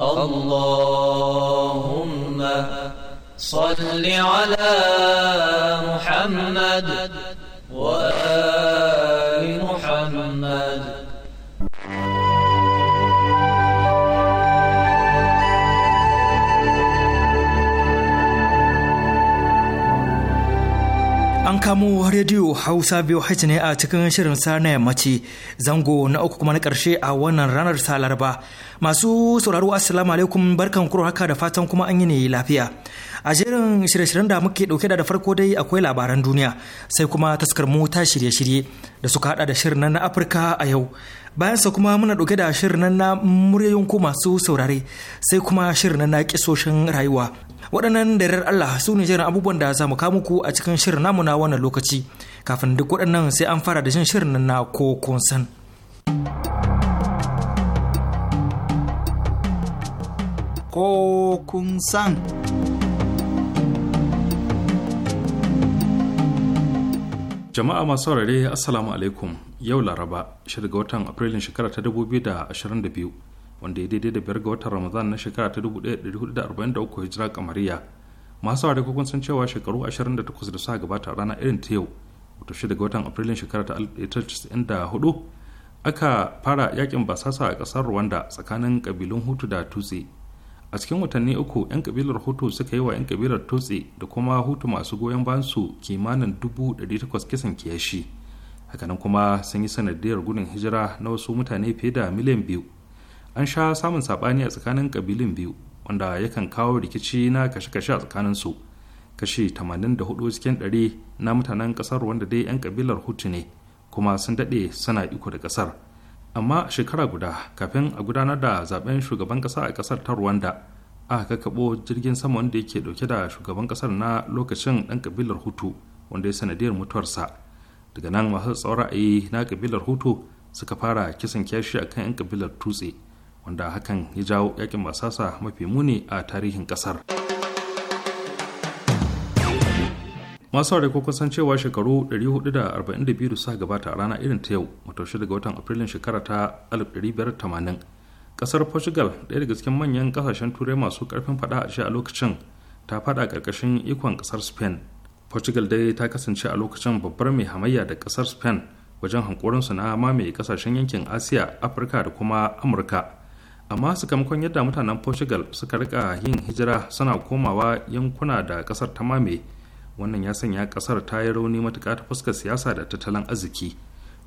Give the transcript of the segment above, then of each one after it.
اللهم صل على محمد وآل محمد kamo rediyo Hausa biyu haici ne a cikin shirin sa na yammaci zango na uku kuma na karshe a wannan ranar sa laraba masu sauraro assalamu alaikum barkan kuro haka da fatan kuma an yi ne lafiya a jerin shirye-shiryen da muke dauke da farko dai akwai labaran duniya sai kuma taskar mu ta shirye-shirye da suka hada da shirin na afirka a yau bayan sa kuma muna dauke da shirin na muryoyin ku masu saurare sai kuma shirin na kisoshin rayuwa waɗannan da Allah su ne jerin abubuwan da za mu kawo muku a cikin shirin namu na wannan lokaci kafin duk waɗannan sai an fara da jin shirin na ko kun ko kun san. Jama'a masu saurare Assalamu alaikum yau Laraba shida ga watan Afrilun shekara ta 2022 wanda ya daidai da biyar ga watan Ramadan na shekara ta 1443 hijira kamariya. Masu saurare kukun san cewa shekaru 28 da suka gabata a rana irin ta yau wato shida ga watan Afrilun shekara ta 1994 aka fara yakin basasa a kasar Rwanda tsakanin kabilun Hutu da Tutsi a cikin watanni uku 'yan kabilar hutu suka yi wa 'yan kabilar tutsi da kuma hutu masu goyon bayan su kimanin 800 kisan kiyashi hakanan kuma sun yi sanadiyar gudun hijira na wasu mutane fiye da miliyan biyu an sha samun saɓani a tsakanin kabilun biyu wanda yakan kawo rikici na kashe-kashe a tsakanin su kashi 84 cikin 100 na mutanen kasar wanda dai 'yan kabilar hutu ne kuma sun daɗe suna iko da kasar amma shekara guda kafin a gudanar da zaben shugaban kasa a kasar ta rwanda aka kakabo jirgin sama wanda yake dauke da shugaban kasar na lokacin dan kabilar hutu wanda ya sanadiyar mutuwarsa daga nan masu tsawon ra'ayi na kabilar hutu suka fara kisan kyashi akan 'yan kabilar tutse wanda hakan ya jawo yakin basasa mafi muni a tarihin kasar. masu ko kusan cewa shekaru 442 da suka gabata a rana irin ta yau wato daga watan afrilun shekara ta 1580 kasar portugal ɗaya daga cikin manyan kasashen turai masu karfin fada a a lokacin ta fada karkashin ikon kasar spain portugal dai ta kasance a lokacin babbar mai hamayya da kasar spain wajen hankorinsu na mamaye kasashen yankin asiya afirka da kuma amurka amma sakamakon yadda mutanen portugal suka rika yin hijira suna komawa yankuna da kasar ta mamaye wannan ya sanya kasar ta yi rauni matuƙa ta fuskar siyasa da tattalin arziki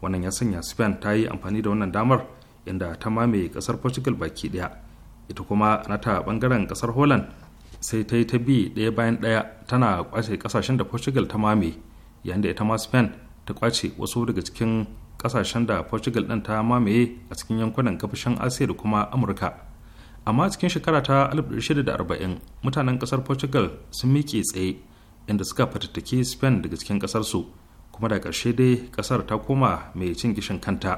wannan ya sanya spain ta yi amfani da wannan damar inda ta mamaye kasar portugal baki ɗaya ita kuma nata bangaren kasar holland sai ta yi ta bi ɗaya bayan ɗaya tana kwace kasashen da portugal ta mamaye yayin da ita ma spain ta kwace wasu daga cikin kasashen da portugal ɗin ta mamaye a cikin yankunan gabashin asiya da kuma amurka amma cikin shekara ta 1640 mutanen kasar portugal sun miƙe tsaye inda suka fatattaki spain daga cikin ƙasarsu kuma da ƙarshe dai kasar ta koma mai cin gishin kanta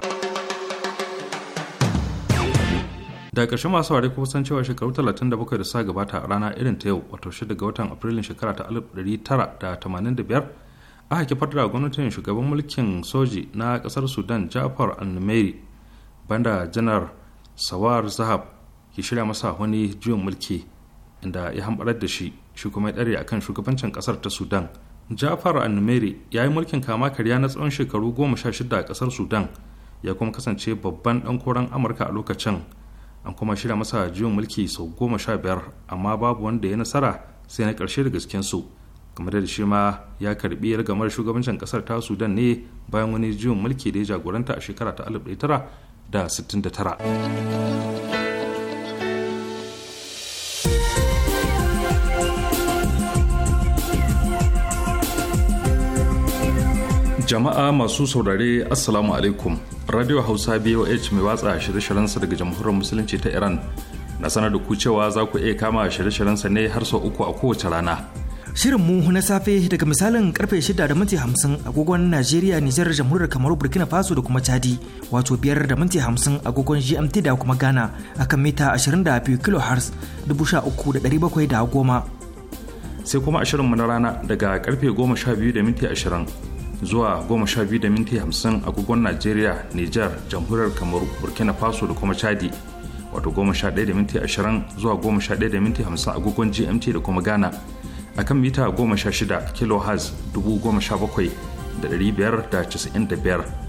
da ƙarshe masu ware kuma san cewa shekaru 37 da sa gabata a rana irin ta yau wato 6 ga watan afrilun shekara ta 1985 aka kifar da gwamnatin shugaban mulkin soji na ƙasar sudan jafar annumeri banda janar sawar zahab ki shirya masa wani juyin mulki inda ya hambarar da shi shi kuma ɗare a kan shugabancin ƙasar ta sudan jafar annumeri ya yi mulkin kama karya na tsawon shekaru goma sha shida a ƙasar sudan ya kuma kasance babban ɗan koren amurka a lokacin an kuma shirya masa juyin mulki sau goma sha biyar amma babu wanda ya nasara sai na ƙarshe da gaskensu kamar da shi ma ya karbi ragamar shugabancin ƙasar ta sudan ne bayan wani juyin mulki da ya jagoranta a shekara ta 1969 jama'a masu saurare assalamu alaikum radio hausa boh mai watsa shirye-shiryensa daga jamhuriyar musulunci ta iran na sanar da ku cewa za ku iya kama shirye-shiryensa ne har sau uku a kowace rana shirin mu na safe daga misalin karfe shida da minti 50 agogon najeriya nijar jamhuriyar kamaru burkina faso da kuma chadi wato biyar da minti 50 agogon gmt da kuma ghana akan mita 22 kilohertz 13710 sai kuma shirinmu na rana daga karfe goma sha 12 da minti ashirin. zuwa biyu da minti 50 agogon Najeriya, Nijar, Jamhuriyar Kamaru, Burkina Faso da kuma Chadi. Wato 11 da minti 20 zuwa 11 da minti 50 agogon GMT da kuma Ghana. A kan mita 16 da biyar.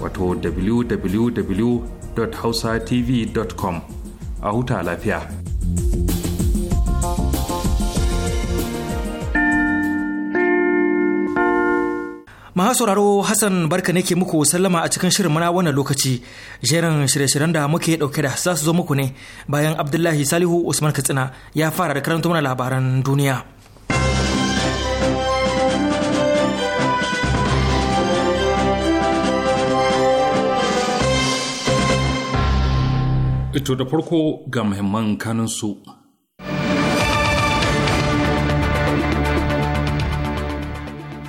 wato www.hausatv.com a huta lafiya. Maha sauraro Hassan barka ne ke muku sallama a cikin shirin mana wannan lokaci jerin shirye-shiryen da muke dauke da za su zo muku ne bayan Abdullahi Salihu Usman Katsina ya fara da karanta mana labaran duniya. Ito da farko ga muhimman kaninsu.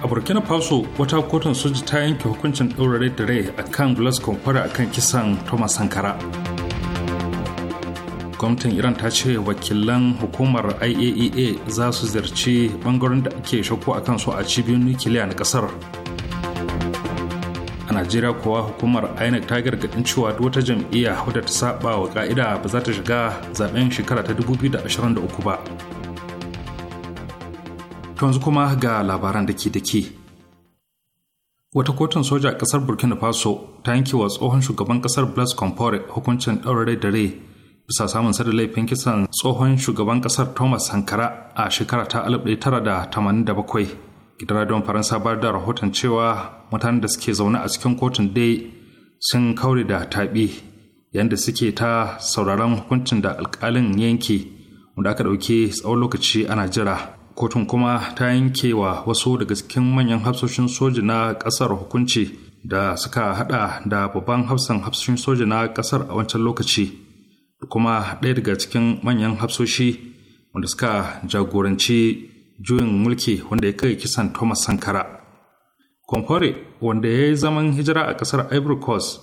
A Burkina Faso wata kotun soji ta yanke hukuncin ɗaurare da rai a kan Glasgow fara a kan kisan Thomas Sankara. Gwamnatin Iran ta ce wakilan hukumar IAEA e za su ziyarci bangaren da ake shakku a kansu a cibiyar nukiliya na ƙasar. a najeriya kuwa hukumar inec ta gargadin cewa duk wata jam'iyya wadda ta saba wa ka'ida ba za ta shiga zaben shekara ta 2023 ba yanzu kuma ga labaran da ke da wata kotun soja a kasar burkina faso ta yanke wa tsohon shugaban kasar blaise compaore hukuncin ɗaure da bisa samun sada laifin kisan tsohon shugaban kasar thomas sankara a shekara ta 1987 gidan radiyon faransa bar da rahoton cewa mutanen da suke zaune a cikin kotun dai sun kaure da taɓi yadda suke ta sauraron hukuncin da alkalin yanke wanda aka ɗauke tsawon lokaci ana jira kotun kuma ta yanke wa wasu daga cikin manyan hafsoshin soji na ƙasar hukunci da suka haɗa da babban hafsan hafsoshin soji na ƙasar a wancan lokaci da kuma ɗaya daga cikin manyan hafsoshi wanda suka jagoranci juyin mulki wanda ya kai kisan Thomas Sankara. Kwamfore wanda ya yi zaman hijira a ƙasar Ivory Coast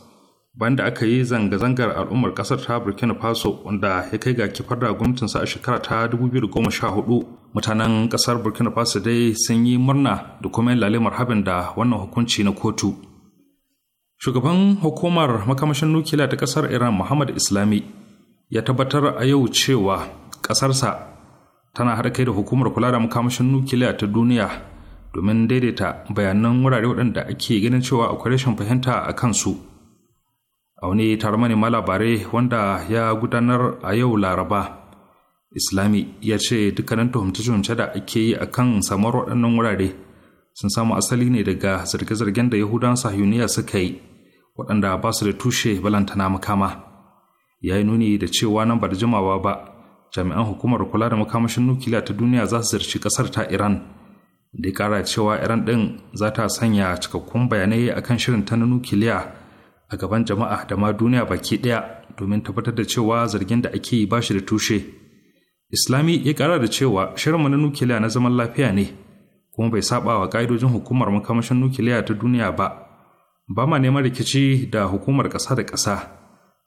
banda aka yi zanga-zangar al'ummar ƙasar ta Burkina Faso wanda ya kai ga kifar da gwamnatinsa a shekara ta 2014 mutanen ƙasar Burkina Faso dai sun yi murna da kuma lalimar habin da wannan hukunci na kotu. Shugaban hukumar makamashin nukiliya ta ƙasar Iran Muhammad Islami ya tabbatar a yau cewa ƙasarsa tana har kai da hukumar kula da makamashin nukiliya ta duniya domin daidaita bayanan wurare waɗanda ake ganin cewa akwai rashin fahimta a kansu a wani taron manema labarai wanda ya gudanar a yau laraba islami ya ce dukkanin tuhumce-tuhumce da ake yi a kan samuwar waɗannan wurare sun samu asali ne daga zirge-zirgen da yahudan Sahuniya suka yi waɗanda ba su da tushe balantana makama ya yi nuni da cewa nan ba da jimawa ba jami'an hukumar kula da makamashin nukiliya ta duniya za su zarci kasar ta iran da ya kara cewa iran din za ta sanya cikakkun bayanai akan shirin ta na nukiliya a gaban jama'a da ma duniya baki daya domin tabbatar da cewa zargin da ake yi ba shi da tushe islami ya kara da cewa shirin mu na nukiliya na zaman lafiya ne kuma bai saba wa ka'idojin hukumar makamashin nukiliya ta duniya ba ba ma neman rikici da hukumar ƙasa da kasa.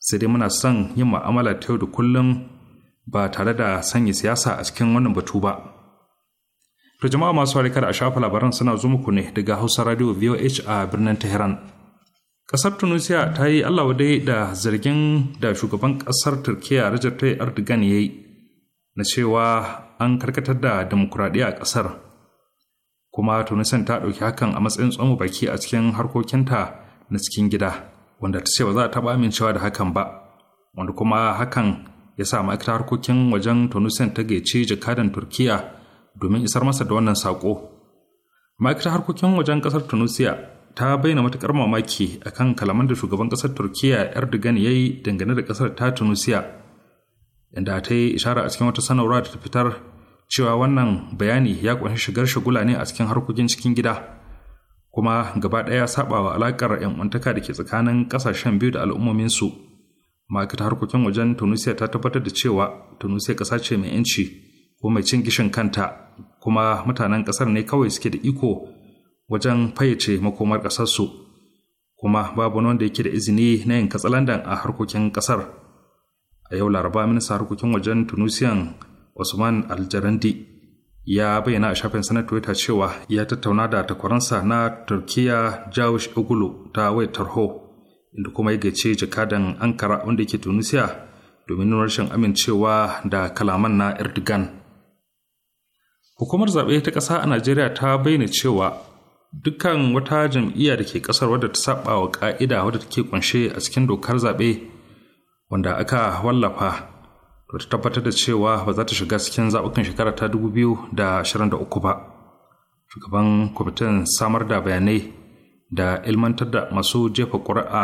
sai dai muna son yin ma'amala ta yau da kullum ba tare da sanya siyasa a cikin wannan batu ba. To jama'a masu harika da a shafa labaran suna zo muku ne daga Hausa Radio VOH a birnin Tehran. Kasar Tunisia ta yi Allah dai da zargin da shugaban kasar Turkiyya Recep Tayyip Erdogan ya yi na cewa an karkatar da demokuraɗiyya a kasar. Kuma Tunisian ta ɗauki hakan a matsayin tsomo baki a cikin harkokinta na cikin gida, wanda ta ce ba za a taɓa amincewa da hakan ba, wanda kuma hakan ya sa ma'aikatar harkokin wajen tunisian ta gaici jakadan turkiya domin isar masa da wannan saƙo ma'aikatar harkokin wajen ƙasar tunisiya ta bayyana matukar mamaki akan kalaman da shugaban ƙasar turkiya erdogan ya yi dangane da ƙasar ta tunisiya inda ta yi ishara a cikin wata sanarwa da ta fitar cewa wannan bayani ya ƙunshi shigar shagula ne a cikin harkokin cikin gida kuma gaba ɗaya saɓawa alaƙar 'yan da ke tsakanin ƙasashen biyu da su. ma'aikatar harkokin wajen tunisia ta tabbatar da cewa tunisia ƙasa ce mai 'yanci ko mai cin gishin kanta kuma mutanen ƙasar ne kawai suke da iko wajen fayyace makomar ƙasarsu kuma babu wanda yake da izini na yin katsalandan a harkokin ƙasar a yau laraba minista harkokin wajen tunisian usman aljarandi ya bayyana a shafin sanar twitter cewa ya tattauna da takwaransa na turkiya jawish ugulu ta wayar tarho inda kuma ya gaice jakadan ankara wanda yake tunisia domin nuna rashin amincewa da kalaman na erdogan hukumar zaɓe ta ƙasa a najeriya ta bayyana cewa dukkan wata jam'iyya da ke ƙasar wadda ta saba wa ƙa'ida wadda take kunshe a cikin dokar zaɓe wanda aka wallafa to ta tabbatar da cewa ba za ta shiga cikin zaɓukan shekara ta da uku ba shugaban kwamitin samar da bayanai da ilmantar da masu jefa ƙuri'a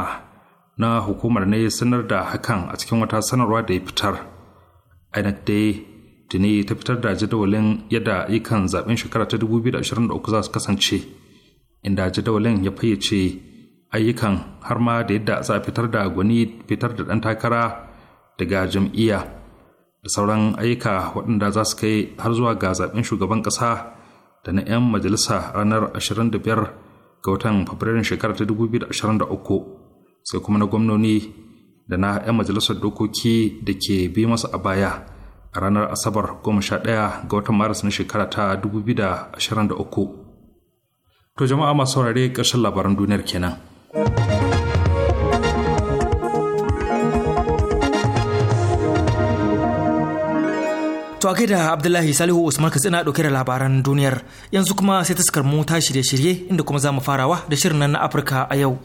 na hukumar ne sanar da hakan a cikin wata sanarwa da ya fitar inec dai tuni ta fitar da jadawalin yadda ikan zaben shekara ta 2023 za su kasance inda jadawalin ya fayyace ayyukan har ma da yadda za a fitar da gwani fitar da ɗan takara daga jam'iyya da sauran ayyuka waɗanda za su kai har zuwa ga zaben shugaban ƙasa da na 'yan majalisa ranar 25 ga watan fabrairun shekara ta 2023 sai kuma na gwamnoni da na 'yan majalisar dokoki da ke bi masa a baya a ranar asabar 11 ga watan maris na shekara ta 2023 to jama'a masu saurare ƙarshen labaran duniyar kenan. To a da Abdullahi Salihu Usman Katsina ɗauke da labaran duniyar yanzu kuma sai taskar mu ta shirye-shirye inda kuma za mu farawa da shirin nan na Afirka a yau.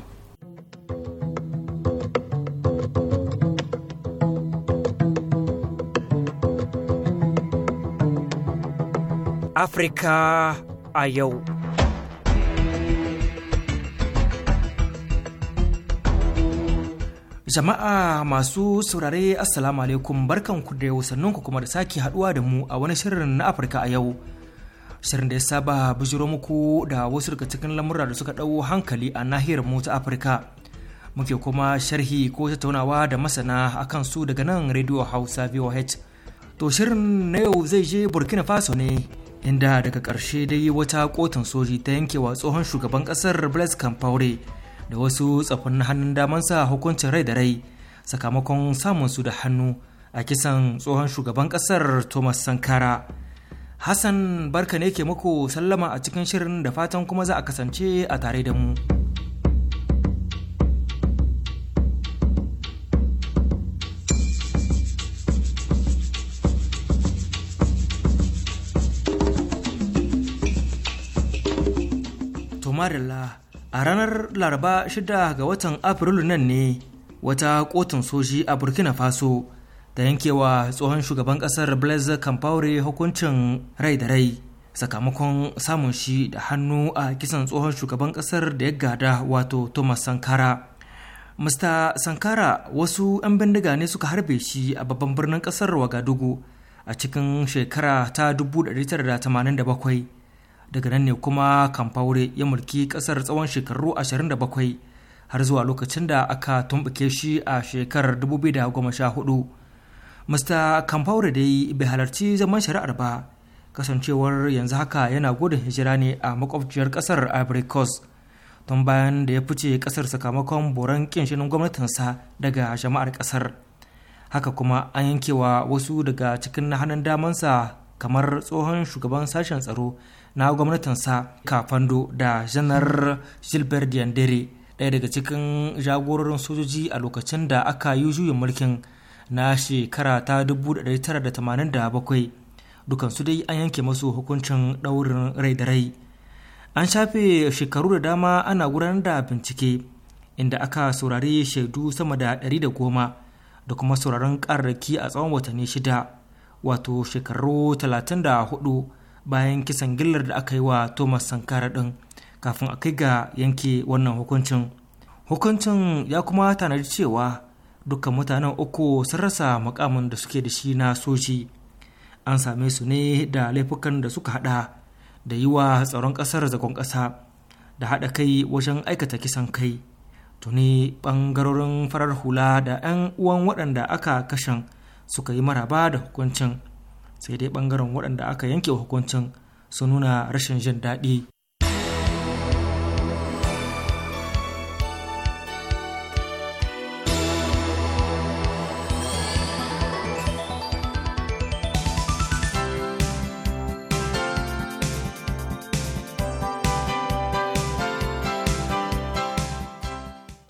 Afirka a yau. Jama'a masu saurare Assalamu alaikum barkanku da ku kuma da sake haduwa da mu a wani shirin na Afirka a yau. Shirin da ya saba bijiro muku da wasu daga cikin lamurra da suka ɗau hankali a nahiyar mu ta Afirka. Muke kuma sharhi ko tattaunawa da masana a kan su daga nan Radio Hausa VOH. To shirin na yau zai je Burkina Faso ne inda daga ƙarshe dai wata kotun soji ta yankewa tsohon shugaban ƙasar Blaise Compaoré da wasu tsafin hannun damansa hukuncin rai da rai sakamakon samun su da hannu a kisan tsohon shugaban kasar thomas sankara hassan barka ne ke muku sallama a cikin shirin da fatan kuma za a kasance a tare da mu. Umarilla a ranar laraba 6 ga watan afrilu nan ne wata kotun soji a burkina faso da yankewa tsohon shugaban kasar blaise campaure hukuncin rai da rai sakamakon samun shi da hannu a kisan tsohon shugaban kasar da ya gada wato thomas sankara mr sankara wasu 'yan bindiga ne suka harbe shi a babban birnin kasar wagadugu a cikin shekara ta 1987 daga nan ne kuma kamfaure ya mulki kasar tsawon shekaru 27 har zuwa lokacin da aka tumbuke shi a shekarar 2014 mr kamfaure dai bai halarci zaman shari'ar ba kasancewar yanzu haka yana gudun hijira ne a makwabciyar kasar ivory coast tun bayan da ya fice kasar sakamakon boran kinshinin gwamnatinsa daga jama'ar kasar haka kuma an yankewa wasu daga cikin hannun damansa kamar tsohon shugaban sashen tsaro na gwamnatin sa kafando da janar gilbert diandere ɗaya daga cikin jagororin sojoji a lokacin da aka yi juyin mulkin na shekara ta 1987 dukansu dai an yanke masu hukuncin ɗaurin rai da rai an shafe shekaru da dama ana gudanar da bincike inda aka saurari shaidu sama da 110 da kuma sauraron ƙararraki a tsawon watanni shida wato shekaru 34 bayan kisan gillar da aka yi wa thomas sankara ɗin kafin a kai ga yanke wannan hukuncin hukuncin ya kuma tanadi cewa dukkan mutanen uku sun rasa mukamin da suke da shi na soji an same su ne da laifukan da suka hada da yi wa tsaron ƙasar zagon ƙasa da haɗa kai wajen aikata kisan kai tuni ɓangarorin farar hula da 'yan uwan waɗanda aka kashen suka yi maraba da hukuncin sai dai bangaren waɗanda aka yanke hukuncin su nuna rashin jin daɗi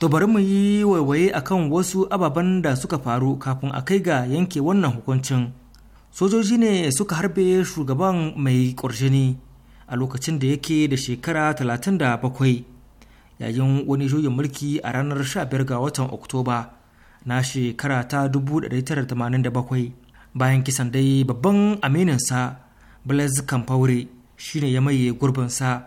To bari mu yi waiwaye kan wasu ababen da suka faru kafin a kai ga yanke wannan hukuncin. Sojoji ne suka harbe shugaban mai ƙorshini a lokacin da yake da shekara 37 yayin wani juyin mulki a ranar 15 ga watan Oktoba na shekara ta 1987 bayan kisan dai babban amininsa Blaise Kamfaure shine ya maye gurbinsa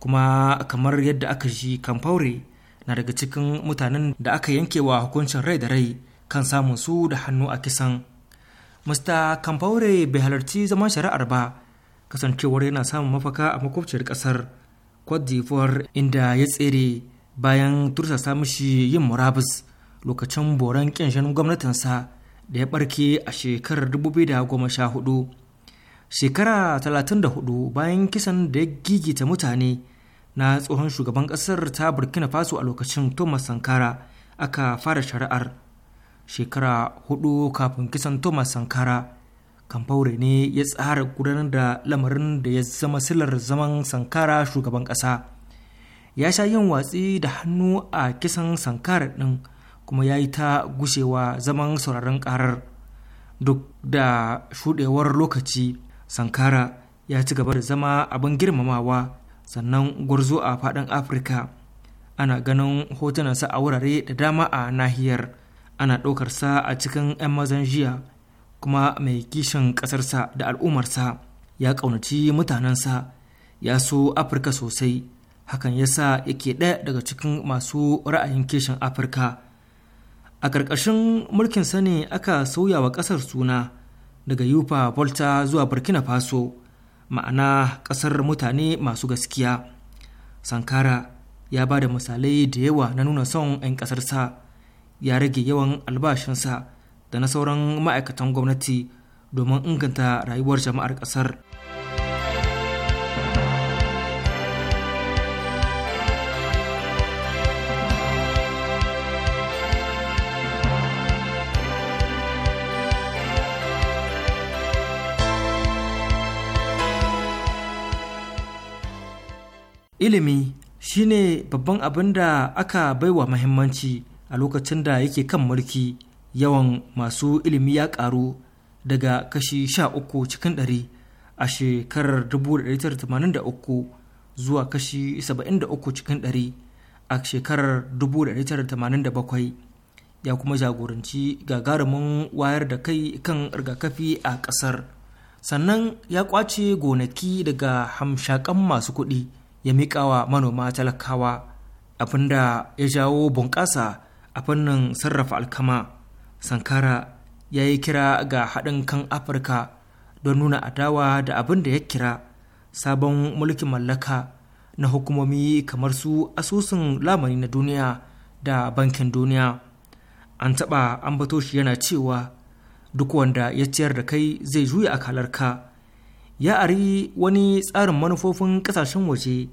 kuma kamar yadda aka ji Kamfaure na daga cikin mutanen da aka yankewa hukuncin rai da rai kan samun su da hannu a kisan mr Kampaure bai halarci zaman shari'ar ba kasancewar yana samun mafaka a makwabciyar kasar cote d'ivoire inda ya tsere bayan tursasa mishi yin murabus lokacin boran ƙinshin gwamnatinsa da ya barke a shekarar 2014 shekara 34 bayan kisan da ya gigita mutane na tsohon shugaban ƙasar ta burkina faso a lokacin thomas sankara aka fara shari'ar shekara hudu kafin kisan thomas sankara kamfaure ne ya tsara gudanar da lamarin da ya zama silar zaman sankara shugaban ƙasa ya sha yin watsi da hannu a kisan sankara ɗin kuma ya yi ta gushewa zaman sauraron ƙarar duk da shuɗewar lokaci sankara ya ci gaba da zama abin girmamawa sannan gwarzo a faɗin afirka ana ganin hotunansa a wurare da dama a nahiyar ana ɗaukarsa a cikin 'yan mazan jiya kuma mai kishin ƙasarsa da al'ummarsa ya ƙaunaci mutanensa ya so afirka sosai hakan ya sa yake ɗaya daga cikin masu ra'ayin kishin afirka a ƙarƙashin mulkinsa ne aka sauya wa ƙasar suna daga yufa volta zuwa burkina faso ma'ana ƙasar mutane masu gaskiya sankara ya ba da misalai da yawa na nuna son 'yan ƙasarsa ya rage yawan albashinsa da na sauran ma'aikatan gwamnati domin inganta rayuwar jama'ar ƙasar. ilimi shine babban abin da aka baiwa mahimmanci a lokacin da yake kan mulki yawan masu ilimi ya karu daga kashi 13 cikin ɗari a shekarar 1983 zuwa kashi 73 cikin ɗari a shekarar 1987 ya kuma jagoranci gagarumin wayar da kai kan rigakafi a ƙasar sannan ya kwace gonaki daga hamshakan masu kuɗi ya miƙawa manoma talakawa abinda ya jawo bunƙasa a fannin sarrafa alkama sankara ya yi kira ga haɗin kan afirka don nuna adawa da abin da ya kira sabon mulkin mallaka na hukumomi kamar su asusun lamani na duniya da bankin duniya an taɓa ambato shi yana cewa duk wanda ya ciyar da kai zai juya a akalarka ya ari wani tsarin manufofin kasashen waje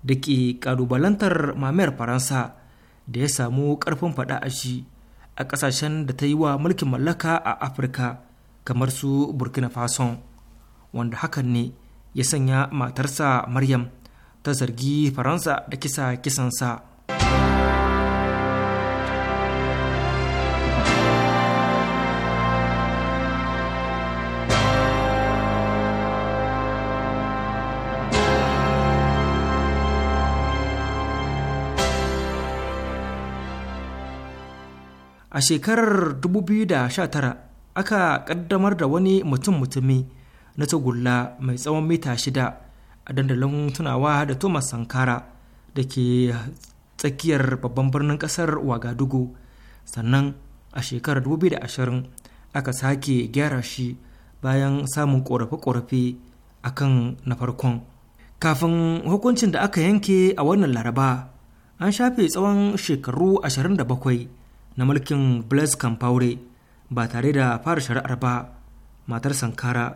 da ke ƙalubalantar mamayar faransa da ya samu ƙarfin faɗa a shi a ƙasashen da ta yi wa mulkin mallaka a afirka kamar su burkina faso wanda hakan ne ya sanya matarsa maryam ta zargi faransa da kisa kisansa. sa a shekarar 2019 aka kaddamar da wani mutum-mutumi na tagulla mai tsawon mita shida a dandalin tunawa da thomas sankara da ke tsakiyar babban birnin kasar wagadugu sannan a shekarar 2020 aka sake gyara shi bayan samun korafe-korafe a kan na farkon kafin hukuncin da aka yanke a wannan laraba an shafe tsawon shekaru 27 na mulkin blaise kamfaure ba tare da fara shari'ar ba matar sankara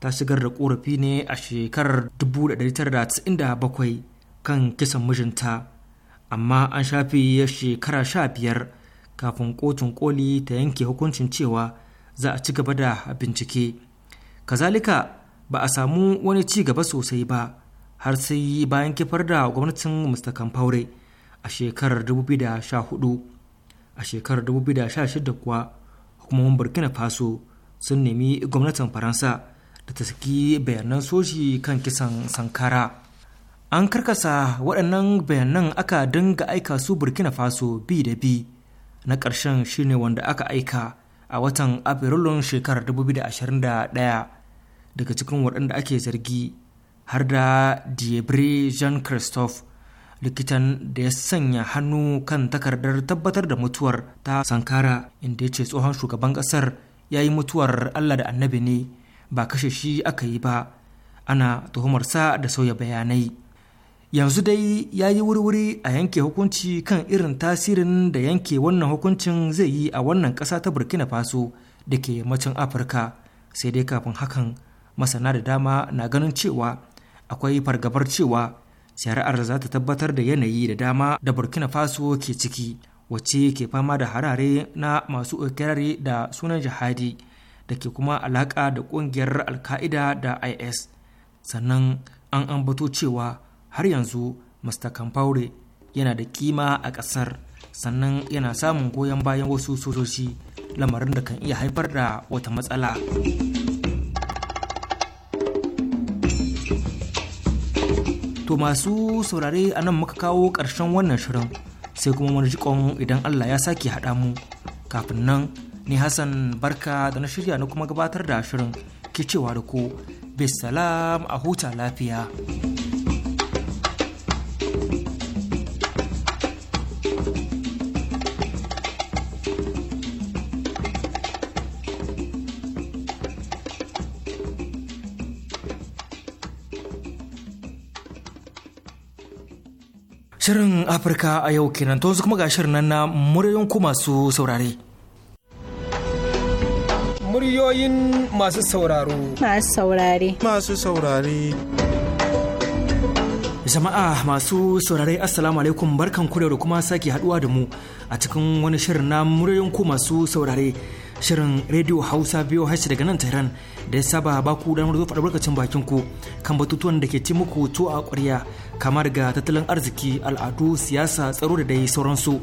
ta shigar da korafi ne a shekarar 1997 kan kisan mijinta amma an shafe shekara sha biyar kafin kotun koli ta yanke hukuncin cewa za a ci gaba da bincike kazalika ba a samu wani ci gaba sosai ba har sai bayan kifar da gwamnatin mr kamfaure a shekarar 2014 a shekarar 2016 kuwa hukumomin burkina faso sun nemi gwamnatin faransa da ta saki bayanan soji kan kisan sankara an karkasa waɗannan bayanan aka dinga aika su burkina faso bi da bi na ƙarshen shine wanda aka aika a watan afrilun shekarar 2021 daga cikin waɗanda ake zargi har da diebre jean christophe likitan da ya sanya hannu kan takardar tabbatar da mutuwar ta sankara inda ya ce tsohon shugaban kasar ya yi mutuwar allah da annabi ne ba kashe shi aka yi ba ana tuhumarsa da sauya bayanai yanzu dai ya yi wuri-wuri a yanke hukunci kan irin tasirin da yanke wannan hukuncin zai yi a wannan ƙasa ta burkina faso da ke yammacin afirka sai dai kafin hakan masana da dama na ganin cewa akwai fargabar cewa shari'ar za ta tabbatar da yanayi da dama da burkina faso ke ciki wacce ke fama da harare na masu ikirari da sunan jihadi da ke kuma alaka da kungiyar alka'ida da is sannan an ambato cewa har yanzu mr kamfaure yana da kima a ƙasar sannan yana samun goyon bayan wasu sojoji lamarin da kan iya haifar da wata matsala. To masu saurare a nan muka kawo ƙarshen wannan shirin sai kuma wani jikon idan Allah ya sake haɗa mu kafin nan ni Hassan barka da na shirya na kuma gabatar da shirin ke cewa da ku bisalam a huta lafiya. Shirin Afirka a yau kenan to kuma ga shirin nan na muryoyin ku masu saurare. Muryoyin masu sauraro. Masu saurare. Masu saurare. Jama'a masu saurare Assalamu alaikum barkan ku da kuma sake haduwa da mu a cikin wani shirin na muryoyin ku masu saurare. shirin radio hausa biyu hashi daga nan tehran da ya saba baku damar zo faɗa barkacin bakin ku kan batutuwan da ke ci muku to a ƙwarya kamar ga tattalin arziki al'adu siyasa tsaro da dai sauransu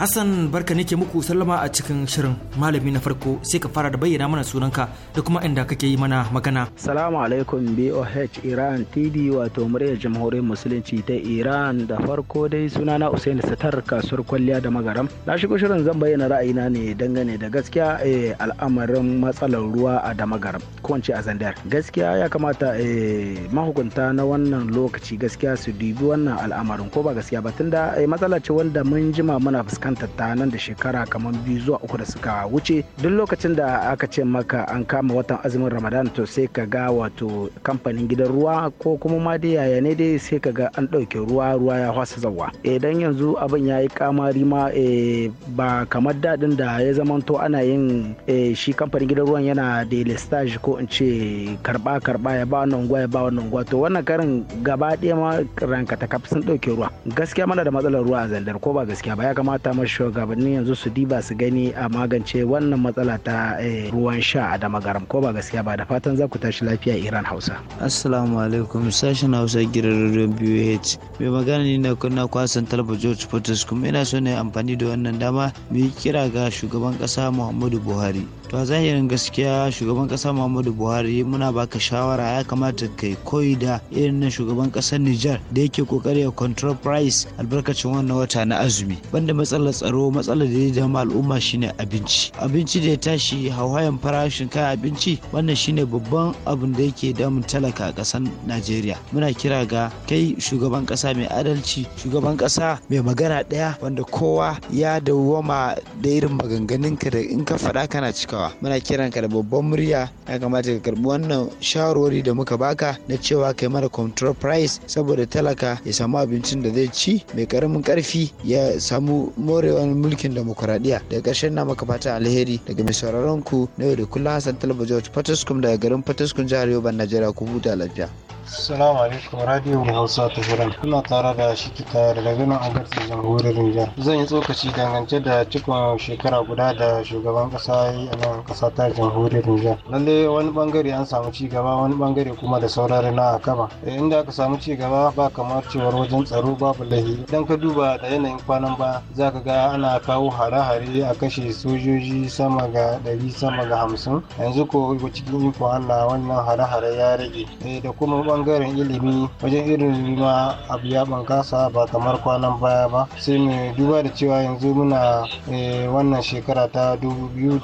Hassan barka nake muku sallama a cikin shirin malami na farko sai ka fara da bayyana mana sunanka da kuma inda kake yi mana magana. Salamu alaikum BOH Iran TV wato muryar jamhuriyar musulunci ta Iran da farko dai sunana Usain Satar kasuwar kwalliya da magaram. Na shigo shirin zan bayyana ra'ayina ne dangane da gaskiya eh, al'amarin matsalar ruwa a da magaram ko a Zandar. Gaskiya ya kamata eh, mahukunta na wannan lokaci gaskiya su dubi wannan al'amarin ko ba gaskiya ba tunda eh, matsala ce wanda mun jima muna fuskanta kanta nan da shekara kamar biyu zuwa uku da suka wuce duk lokacin da aka ce maka an kama watan azumin ramadan to sai ka ga wato kamfanin gidan ruwa ko kuma ma dai yaya ne dai sai ka ga an ɗauke ruwa ruwa ya hwasa zawa idan eh, yanzu abin ya yi kamari ma eh, ba kamar daɗin da ya zamanto ana yin eh, shi kamfanin gidan ruwan yana da listage ko in ce karba karba ya ba wannan gwa ya ba wannan gwa to wannan karin gaba ɗaya ma ranka ta kafin sun ɗauke ruwa gaskiya mana da matsalar ruwa a zandar ko ba gaskiya ba ya kamata kamar shugabannin yanzu su diba su gani a magance wannan matsala ta eh, ruwan sha a damagaram ko ba gaskiya ba da fatan za ku tashi lafiya iran hausa assalamu alaikum sashen hausa gidan radio bh mai magana ne na kunna kwasan talba george portis kuma ina so ne amfani da wannan dama mu kira ga shugaban kasa muhammadu buhari to a zahirin gaskiya shugaban kasa muhammadu buhari muna baka shawara ya kamata kai koyi da irin na shugaban kasar nijar da yake kokari ya control price albarkacin wannan wata na azumi banda matsalar tsaro matsalar da ya dama al'umma shine abinci abinci da ya tashi hauhayen farashin kayan abinci wannan shine babban abin da yake damun talaka a kasar najeriya muna kira ga kai shugaban kasa mai adalci shugaban kasa mai magana daya wanda kowa ya dawoma da irin maganganunka da in ka faɗa kana cikawa muna kiran ka da babban murya ya kamata ka karbi wannan shawarwari da muka baka na cewa kai mana control price saboda talaka ya samu abincin da zai ci mai karamin karfi ya samu morewar mulkin demokuraɗiyya da ƙarshen na maka fata alheri daga mai sauraron ku na yau da kullum hassan talabijin george fataskum daga garin fataskum jihar yoban najeriya ku huta lafiya. Assalamu alaikum radio Hausa ta Hiran. Kuna tare da shi tare daga nan an garsa jamhuriyar Nijar. Zan yi tsokaci dangance da cikon shekara guda da shugaban kasa yi a nan kasa ta jamhuriyar Nijar. Lalle wani bangare an samu ci gaba wani bangare kuma da saurari na kama. Eh, inda aka samu ci gaba ba kamar cewar wajen tsaro babu lahi. Idan ka duba da yanayin kwanan ba za ka ga ana kawo hare-hare a kashe sojoji sama ga ɗari sama ga hamsin. Yanzu ko cikin ikon Allah wannan hare-hare ya rage. Eh, da kuma bangaren ilimi wajen irin ma abu ya bunkasa ba kamar kwanan baya ba sai mu duba da cewa yanzu muna eh, wannan shekara ta 2022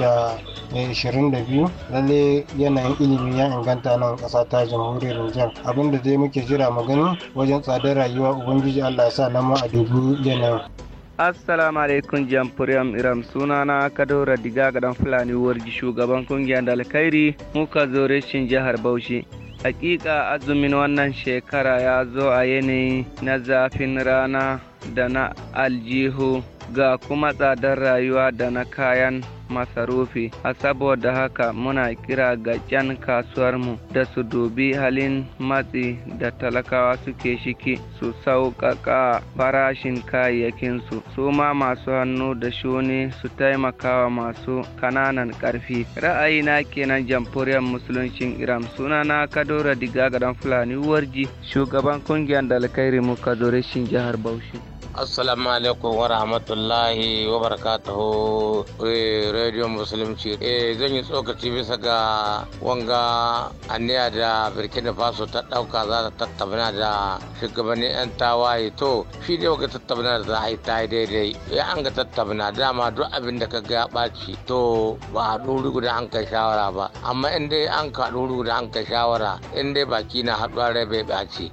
eh, lalle yanayin ilimi ya inganta nan kasa ta jamhuriyar Nijar abinda dai muke jira mu gani wajen tsadar rayuwa ubangiji Allah ya sa nan a dubu yanayin assalamu alaikum jamfuriyam iram na kadora diga gadan fulani wargi shugaban kungiyar da alkhairi muka zo rashin jihar bauchi Hakika azumin wannan shekara ya zo a yanayi na zafin rana da na aljihu ga kuma tsadar rayuwa da na kayan masarufi a saboda haka muna kira ga kasuwar kasuwarmu da su dubi halin matsi da talakawa suke shiki su sauƙaƙa farashin kayayyakin su ma masu hannu da shuni su taimakawa masu ƙananan ƙarfi ra'ayina kenan jamhuriyar musuluncin iran sunana kadora diga fulani warji shugaban kungiyar mu kadore shin jihar bauchi assalamu alaikum wa rahmatullahi wa ho eh, radio musulunci e zan yi tsokaci bisa ga wanga aniya da burkina faso ta dauka za ta tattabna da shugabannin yan tawaye to shi dai wanga tattabna da za a yi ta daidai ya an ga tattabna dama duk abin da ka ga ɓaci to ba a ɗuri guda an kai shawara ba amma in dai an ka ɗuri guda an kai shawara in dai baki na haɗuwa rai bai ɓaci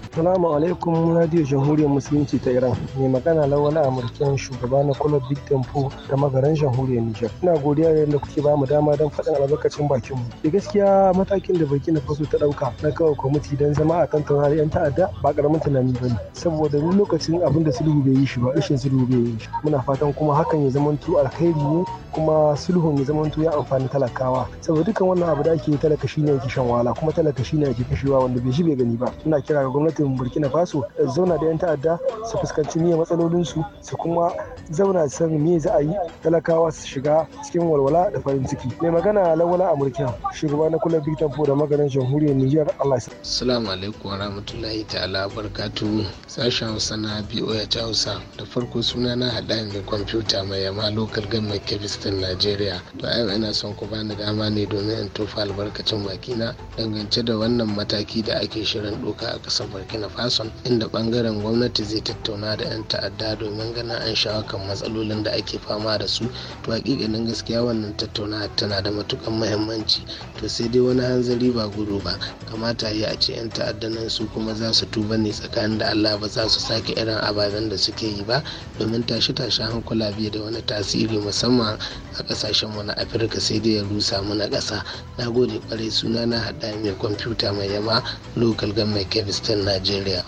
Assalamu alaikum Radio Jamhuriyar Musulunci ta Iran. Mai magana lawal Amurkin shugaba na Club Big Tempo da magaran Jamhuriyar Nijar. Ina godiya da yadda kuke bamu dama don faɗin albarkacin bakin mu. Da gaskiya matakin da Burkina Faso ta ɗauka na kawo kwamiti don zama a kan taurari 'yan ta'adda ba ƙaramin tunani ba ne. Saboda wani lokacin abin da sulhu bai yi shi ba, rashin sulhu bai yi shi. Muna fatan kuma hakan ya zamanto alkhairi ne kuma sulhun ya zamanto ya amfani talakawa. Saboda dukkan wannan abu da ake yi talaka ne yake shan wahala kuma talaka ne yake kashewa wanda bai shi bai gani ba. Ina kira ga gwamnati gwamnatin burkina faso zauna da 'yan ta'adda su fuskanci miya matsalolinsu su kuma zauna san me za a yi talakawa su shiga cikin walwala da farin ciki mai magana lawala a murkina shugaba na kula big tempo da maganin jamhuriyar niger allah assalamu alaikum wa rahmatullahi ta'ala barkatu sashen hausa na ya ta hausa da farko suna na haɗa mai kwamfuta mai yama lokal gamma kebistin nigeria to ina son ku bani dama ne domin in tofa albarkacin bakina dangance da wannan mataki da ake shirin doka a kasar burkina faso inda bangaren gwamnati zai tattauna da 'yan ta'adda domin ganin an shawo kan matsalolin da ake fama da su to hakikanin gaskiya wannan tattauna tana da matukan muhimmanci to sai dai wani hanzari ba gudu ba kamata yi a ce 'yan ta'adda nan su kuma za su tuba ne tsakanin da allah ba za su sake irin ababen da suke yi ba domin tashi tashi hankula biye da wani tasiri musamman a kasashen mu na afirka sai dai ya rusa mu na ƙasa na kwarai suna na haɗa mai kwamfuta mai yama local government kebistan na 家里啊。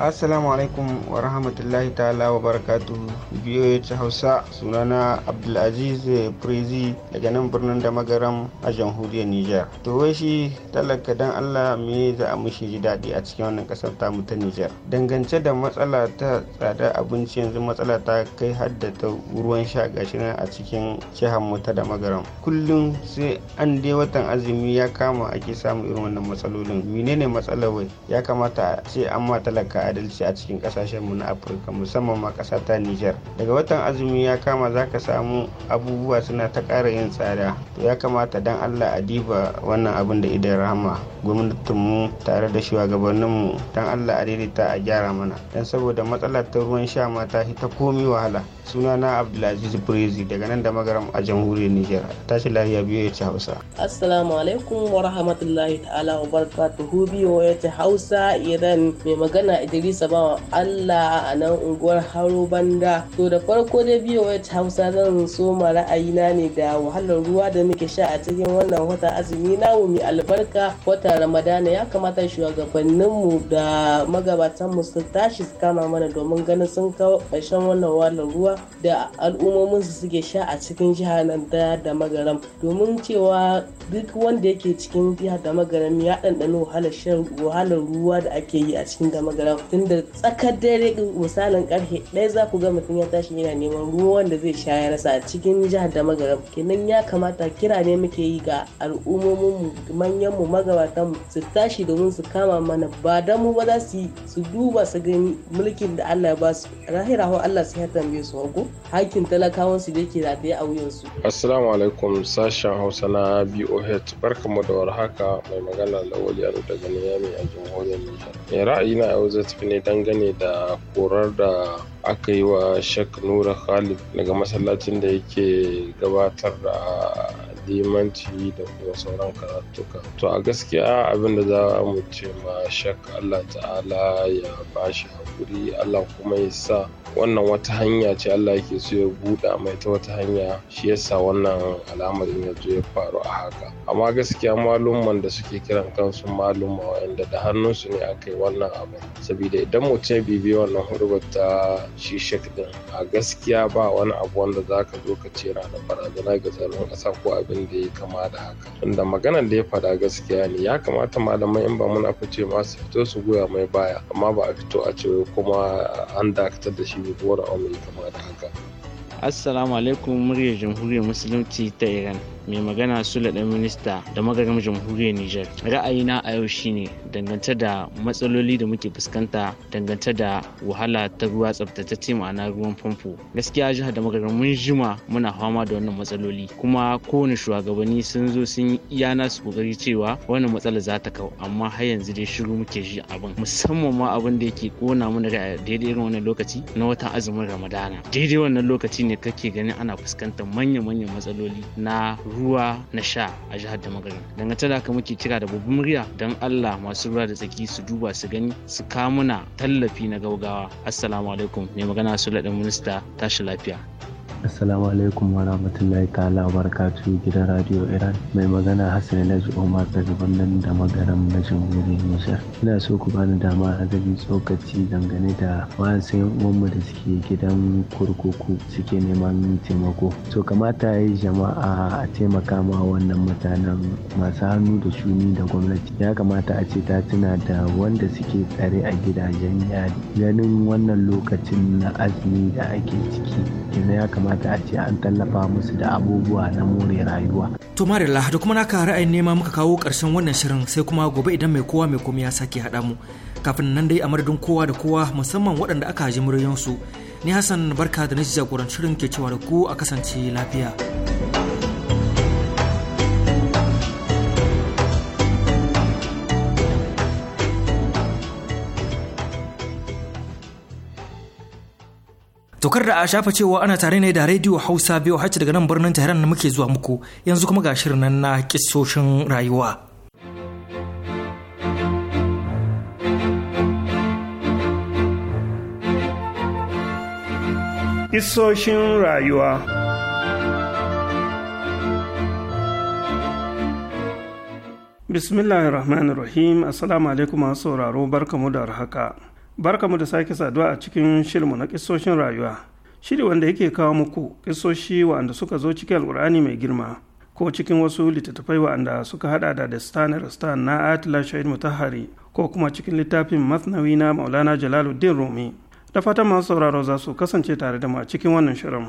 assalamu alaikum wa rahmatullahi ta'ala wa barakatu biyo ya hausa sunana abdulaziz prezi daga nan birnin da magaram a jamhuriyar niger to wai shi talaka dan allah me za a mushi ji daɗi a cikin wannan ƙasar ta ta niger dangance da matsala ta tsada abinci yanzu matsala ta kai haddata ruwan sha gashi nan a cikin jihar mu da magaram kullum sai an dai watan azumi ya kama ake samun irin wannan matsalolin menene matsalar wai ya kamata a ce an ma talaka adalci a cikin kasashenmu na afirka musamman ma kasa ta nijar daga watan azumi ya kama za ka samu abubuwa suna ta ƙara yin tsada to ya kamata dan allah a diba wannan abin da idan rahama gwamnatinmu tare da shugabanninmu dan allah a daidaita a gyara mana dan saboda matsalar ta ruwan sha ma ta ta komi wahala sunana abdulaziz brezi daga nan da magaram a jamhuriyar niger tashi lahiya biyu ya ci hausa assalamu alaikum wa rahmatullahi ta'ala wa barakatuhu biyu ya ci hausa iran mai magana idrisa ba allah a nan unguwar haro banda to da farko da biyu ya ci hausa zan so soma ra'ayina ne da wahalar ruwa da muke sha a cikin wannan wata azumi namu mai albarka wata ramadana ya kamata shugabanninmu da magabatanmu su tashi su kama mana domin ganin sun kawo ƙarshen wannan wahalar ruwa da al'ummomin su suke sha a cikin jiha nan da da magaram domin cewa duk wanda yake cikin jiha da magaram ya ɗanɗano wahalar ruwa da ake yi a cikin da magaram tunda tsakar dare misalin karfe ɗaya za ku ga mutum ya tashi yana neman ruwa wanda zai sha ya rasa a cikin jihar da magaram kenan ya kamata kira ne muke yi ga al'ummomin mu manyan mu magabatan mu su tashi domin su kama mana ba dan mu ba za su yi su duba su gani mulkin da Allah ya ba su rahirahu Allah sai ya tambaye su ko hakkin talakawan su da ke rataye a wuyansu. Assalamu alaikum sashen Hausa na BOH barkamu da warhaka mai magana wali Aro daga Niyami a jamhuriyar Nijar. Me ra'ayina yau zai tafi ne dangane da korar da aka yi wa Sheikh Nura Khalid daga masallacin da yake gabatar da limanci da kuma sauran karatuka to a gaskiya abin da za mu ce ma shak allah ta'ala ya bashi hakuri allah kuma ya sa wannan wata hanya ce allah yake so ya buɗa mai ta wata hanya shi yasa wannan al'amarin ya zo ya faru a haka amma gaskiya malumman da suke kiran kansu maluma wa'anda da hannunsu ne aka yi wannan abu saboda idan mutum ya bibiya wannan hurbar ta shi shek din a gaskiya ba wani abu wanda za ka zo ka ce na da barazana ga tsaron ƙasa ko a abin da ya kama da haka tunda maganar da ya faɗa gaskiya ne ya kamata malamai in ba muna fice ma su fito su goya mai baya amma ba a fito a ce kuma an dakatar da shi ko abin da ya kama da haka assalamu alaikum muryar jamhuriyar musulunci ta iran mai magana sule dan minista da magagam jamhuriyar niger ra'ayina a yau shine dangance da matsaloli da muke fuskanta dangance da wahala ta ruwa tsabtatacce ma'ana ruwan famfo gaskiya jihar da magagam mun jima muna fama da wannan matsaloli kuma kowane shugabanni sun zo sun yi iya nasu kokari cewa wannan matsala za ta kau amma har yanzu dai shiru muke ji abin musamman ma abin da yake kona mana daidai irin wannan lokaci na watan azumin ramadana daidai wannan lokaci ne kake ganin ana fuskantar manya-manyan matsaloli na ruwa na sha a jihar da Dangata da haka muke kira da babban murya don allah masu ruwa da tsaki su duba su gani su kamuna tallafi na gaugawa assalamu alaikum mai magana su laɗin minista tashi lafiya Assalamu alaikum wa rahmatullahi ta'ala wa barakatuhu gidan Radio Iran mai magana Hassan Laji Omar daga birnin da magaran na jamhuriyar Nijar. Ina so ku bani dama a gani tsokaci dangane da wasu uwanmu da suke gidan kurkuku suke neman taimako. To kamata ya yi jama'a a taimaka ma wannan mutanen masu hannu da shuni da gwamnati. Ya kamata a ce ta tuna da wanda suke tsare a gidajen yari. Ganin wannan lokacin na azumi da ake ciki. Kina ya kamata kamata a ce an tallafa musu da abubuwa na more rayuwa. To Marilla da kuma naka ra'ayin nema muka kawo ƙarshen wannan shirin sai kuma gobe idan mai kowa mai komai ya sake haɗa mu. Kafin nan dai a madadin kowa da kowa musamman waɗanda aka ji muryansu. Ni Hassan barka da na jagorancin shirin ke cewa da ku a kasance lafiya. Tokar da a shafa cewa ana tare ne da rediyo Hausa biyu hacci daga nan birnin Tehran da muke zuwa muku yanzu kuma ga shirin nan na kisoshin rayuwa. Kisoshin rayuwa Bismillahirrahmanirrahim Assalamu alaikum masu sauraro barkamu da haka. Barka mu da sake saduwa a cikin shirinmu na kisoshin rayuwa shiri wanda yake kawo muku kisoshi wa'anda suka zo cikin alkur'ani mai girma ko cikin wasu littattafai wanda suka hada da dastan stan na atila shahid mutahari ko kuma cikin littafin masnawi na maulana jalaluddin rumi da fatan masu sauraro za su kasance tare da mu a cikin wannan shirin.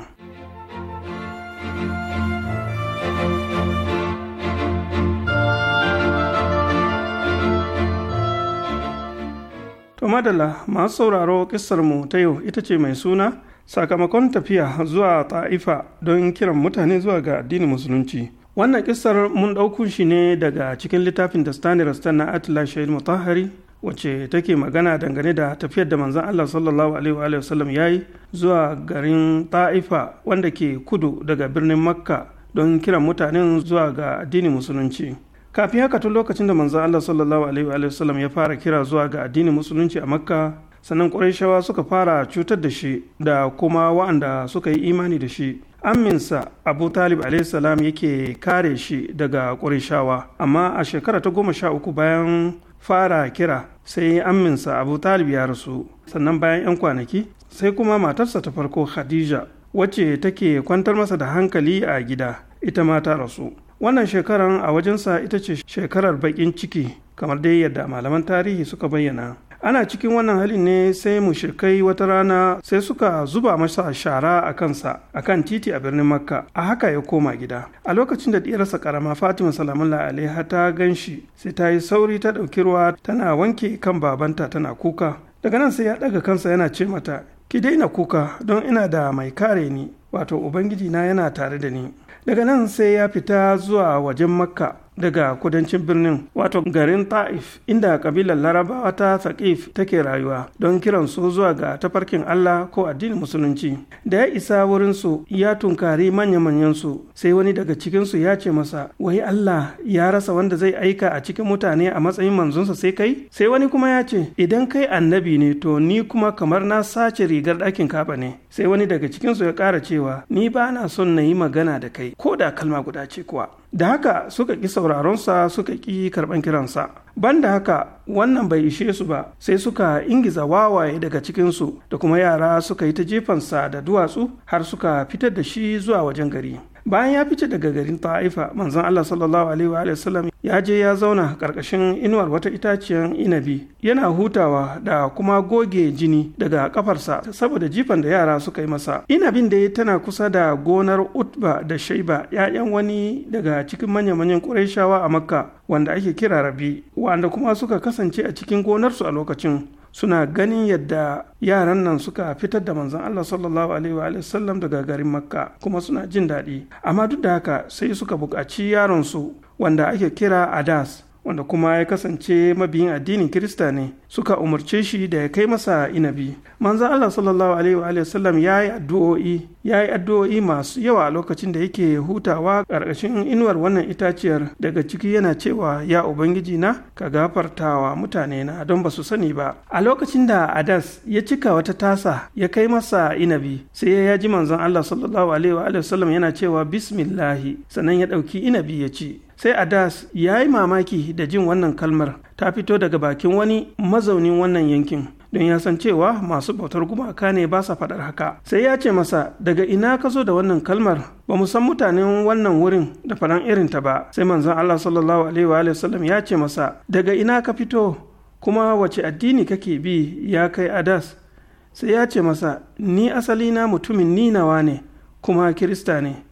to madalla masu sauraro mu ta yau ita ce mai suna sakamakon tafiya zuwa ta'ifa don kiran mutane zuwa ga addinin musulunci wannan kissar mun ɗauku shi ne daga cikin littafin da dastani rastan na atila shahid mutahari wacce take magana dangane da tafiyar da manzon allah sallallahu alaihi wa sallam ya yi zuwa garin ta'ifa wanda ke kudu daga birnin makka don kiran mutanen zuwa ga addinin musulunci kafin haka tun lokacin da manzon Allah sallallahu alaihi wa sallam ya fara kira zuwa ga addinin musulunci a makka sannan ƙwarishawa suka fara cutar da shi da kuma wa'anda suka yi imani da shi aminsa abu talib salam yake kare shi daga ƙwarishawa amma a shekara ta goma sha uku bayan fara kira sai aminsa abu talib ya rasu sannan bayan 'yan kwanaki sai kuma matarsa ta farko khadija wacce take kwantar masa da hankali a gida ita ma ta rasu wannan shekarar a wajensa ita ce shekarar baƙin ciki kamar dai yadda malaman tarihi suka bayyana ana cikin wannan halin ne sai mu shirkai wata rana sai suka zuba masa shara a kansa a kan titi a birnin makka a haka ya koma gida a lokacin da ɗiyarsa karama fatima salamullah alaiha ta gan shi sai ta yi sauri ta ɗauki ruwa tana wanke kan babanta tana kuka daga nan sai ya ɗaga kansa yana ce mata ki daina kuka don ina da mai kare ni wato ubangiji na yana tare da ni daga nan sai ya fita zuwa wajen makka daga kudancin birnin wato garin ta'if inda kabilar larabawa ta Saƙif take rayuwa don kiran su zuwa ga tafarkin allah ko addinin musulunci da ya isa wurin su ya tunkari manya-manyan su sai wani daga cikinsu ya ce masa wai allah ya rasa wanda zai aika a cikin mutane a matsayin manzonsa sai kai sai wani kuma ya ce idan kai annabi ne to ni kuma kamar na sace rigar ɗakin kaba ne sai wani daga cikinsu ya ƙara cewa ni ba na son na yi magana da kai ko da kalma guda ce kuwa da haka suka ƙi sauraronsa suka ƙi karɓan kiransa banda haka wannan bai ishe su ba sai suka ingiza wawaye daga cikinsu da kuma yara suka yi ta jefansa da duwatsu har suka fitar da shi zuwa wajen gari bayan ya fice daga garin ta'ifa manzon allah sallallahu alaihi wa sallam ya je ya zauna ƙarƙashin inuwar wata itaciyar inabi yana hutawa da kuma goge jini daga ƙafarsa, saboda jifan da yara suka yi masa inabin da tana kusa da gonar utba da shaiba ‘ya'yan wani daga cikin manya-manyan ƙurayshawa a makka wanda ake kira rabi wanda kuma suka kasance a cikin gonarsu a lokacin suna ganin yadda yaran nan suka fitar da manzon Allah sallallahu alaihi wa sallam daga garin Makka kuma suna jin daɗi amma duk da haka sai suka buƙaci yaron su wanda ake kira Adas wanda kuma ya kasance mabiyin addinin kirista ne suka umarce shi da ya kai masa inabi manzan allah sallallahu alaihi wa sallam ya yi addu'o'i ya yi addu'o'i masu yawa a lokacin da yake hutawa ƙarƙashin inuwar wannan itaciyar daga ciki yana cewa ya ubangiji na ka gafartawa mutane na don ba su sani ba a lokacin da adas ya cika wata tasa ya kai masa inabi sai ya ji manzan allah sallallahu alaihi wa sallam yana cewa bismillahi sannan ya ɗauki inabi ya ci sai adas ya yi mamaki da jin wannan kalmar ta fito daga bakin wani mazaunin wannan yankin don ya san cewa masu bautar gumaka ne ba sa faɗar haka sai ya ce masa daga ina ka zo da wannan kalmar ba mu san mutanen wannan wurin da faɗan irin ta ba sai manzon Allah sallallahu alaihi wa ya ce masa daga ina ka fito kuma wace addini kake bi ya kai adas sai ya ce masa ni asalina na mutumin ninawa ne kuma kirista ne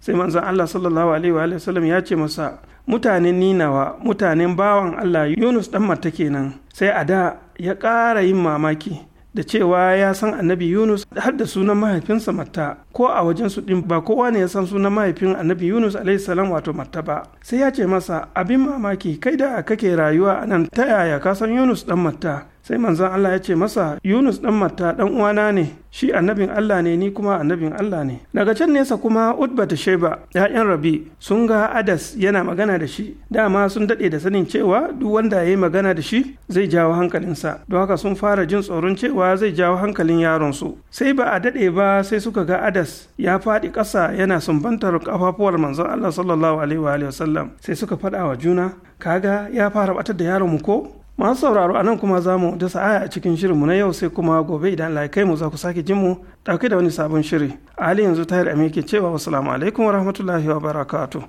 sai manzon Allah sallallahu alaihi wa sallam ya ce masa mutanen ninawa mutanen bawan Allah Yunus dan mata kenan sai a da ya ƙara yin mamaki da cewa ya san annabi Yunus har da sunan mahaifinsa mata. ko a wajen su din ba kowa ne ya san sunan mahaifin annabi Yunus alaihi salam wato mata ba sai ya ce masa abin mamaki kai da kake rayuwa anan ta yaya ka san Yunus dan mata. sai manzon Allah ya ce masa Yunus ɗan matta ɗan uwana ne shi annabin Allah ne ni kuma annabin Allah ne daga can nesa kuma Utba ta Sheba ya'yan Rabi sun ga Adas yana magana da shi dama sun daɗe da sanin cewa duk wanda yayi magana da shi zai jawo hankalinsa don haka sun fara jin tsoron cewa zai jawo hankalin yaron su sai ba a daɗe ba sai suka ga Adas ya faɗi ƙasa yana sumbantar kafafuwar manzon Allah sallallahu alaihi wa sallam sai suka faɗa wa juna kaga ya fara batar da yaron mu ko masu sauraro a nan kuma za mu da aya a cikin shirinmu na yau sai kuma gobe idan Allah kai mu za ku sake jin mu dauke da wani sabon shiri a hali yanzu tahir da ke cewa wassalamu alaikum wa rahmatullahi wa barakatu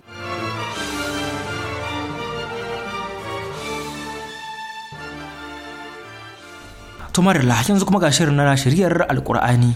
tumar yanzu kuma ga shirin na shiryar alkur'ani